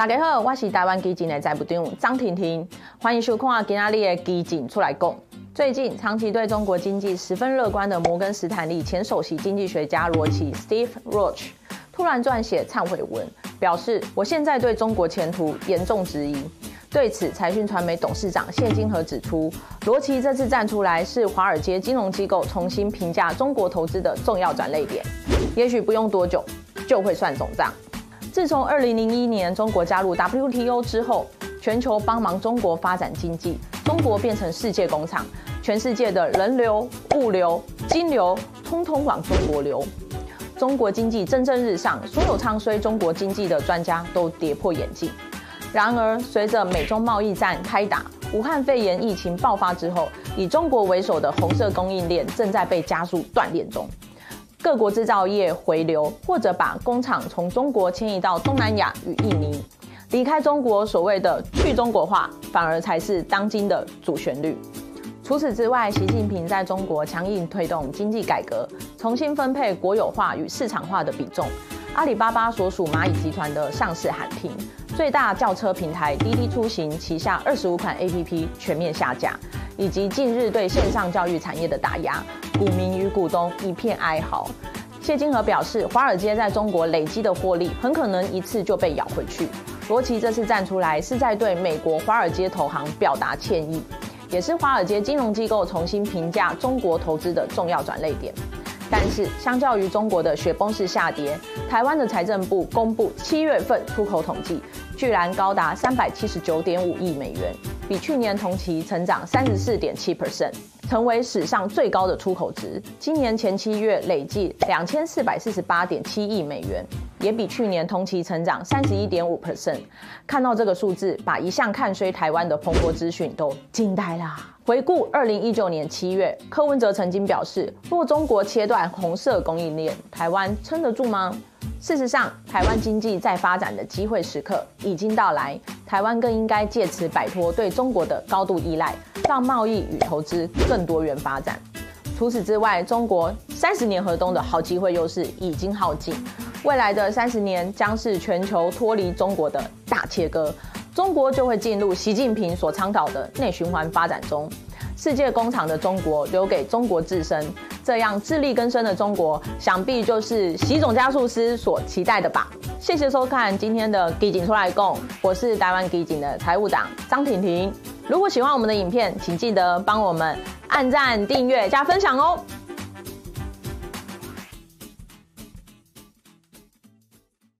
大家好，我是台灣基進的財務長張婷婷，歡迎收看今天的基進出來講。最近長期對中國經濟十分樂觀的摩根士丹利前首席經濟學家羅奇 （Steve Roach） 突然撰寫懺悔文，表示我現在對中國前途嚴重質疑。對此，財訊傳媒董事長謝金河指出，羅奇這次站出來，是華爾街金融機構重新評價中國投資的重要轉捩點，也許不用多久，就會算總賬。自從二零零一年中國加入 WTO 之後，全球幫忙中國發展經濟，中國變成世界工廠，全世界的人流、物流、金流，通通往中國流。中國經濟蒸蒸日上，所有唱衰中國經濟的專家都跌破眼鏡。然而，隨着美中貿易戰開打，武漢肺炎疫情爆發之後，以中國為首的紅色供應鏈正在被加速斷鏈中。各國製造業回流，或者把工廠從中國遷移到東南亞與印尼，離開中國所謂的“去中國化”，反而才是當今的主旋律。除此之外，習近平在中國強硬推動經濟改革，重新分配國有化與市場化的比重。阿里巴巴所屬螞蟻集團的上市喊停，最大叫車平台滴滴出行旗下二十五款 APP 全面下架，以及近日對線上教育產業的打壓。股民與股東一片哀嚎，謝金河表示，華爾街在中國累積的獲利，很可能一次就被咬回去。羅奇這次站出來，是在對美國華爾街投行表達歉意，也是華爾街金融機構重新評價中國投資的重要轉捩點。但是，相較於中國的雪崩式下跌，台灣的財政部公布七月份出口統計，居然高達三百七十九點五億美元。比去年同期成長三十四點七 percent，成為史上最高的出口值。今年前七月累計兩千四百四十八點七億美元，也比去年同期成長三十一點五 percent。看到這個數字，把一向看衰台灣的彭博資訊都驚呆啦。回顧二零一九年七月，柯文哲曾經表示：若中國切斷紅色供應鏈，台灣撐得住嗎？事實上，台灣經濟再發展的機會時刻已經到來，台灣更應該借此擺脫對中國的高度依賴，讓貿易與投資更多元發展。除此之外，中國三十年河東的好機會優勢已經耗盡，未來的三十年將是全球脫離中國的大切割，中國就會進入習近平所倡導的內循環發展中，世界工廠的中國留給中國自身。這樣自力更生的中國，想必就是習總加速師所期待的吧？謝謝收看今天的《基進出來講》，我是台灣基進的財務長張婷婷。如果喜歡我們的影片，請記得幫我們按贊、訂閱、加分享哦。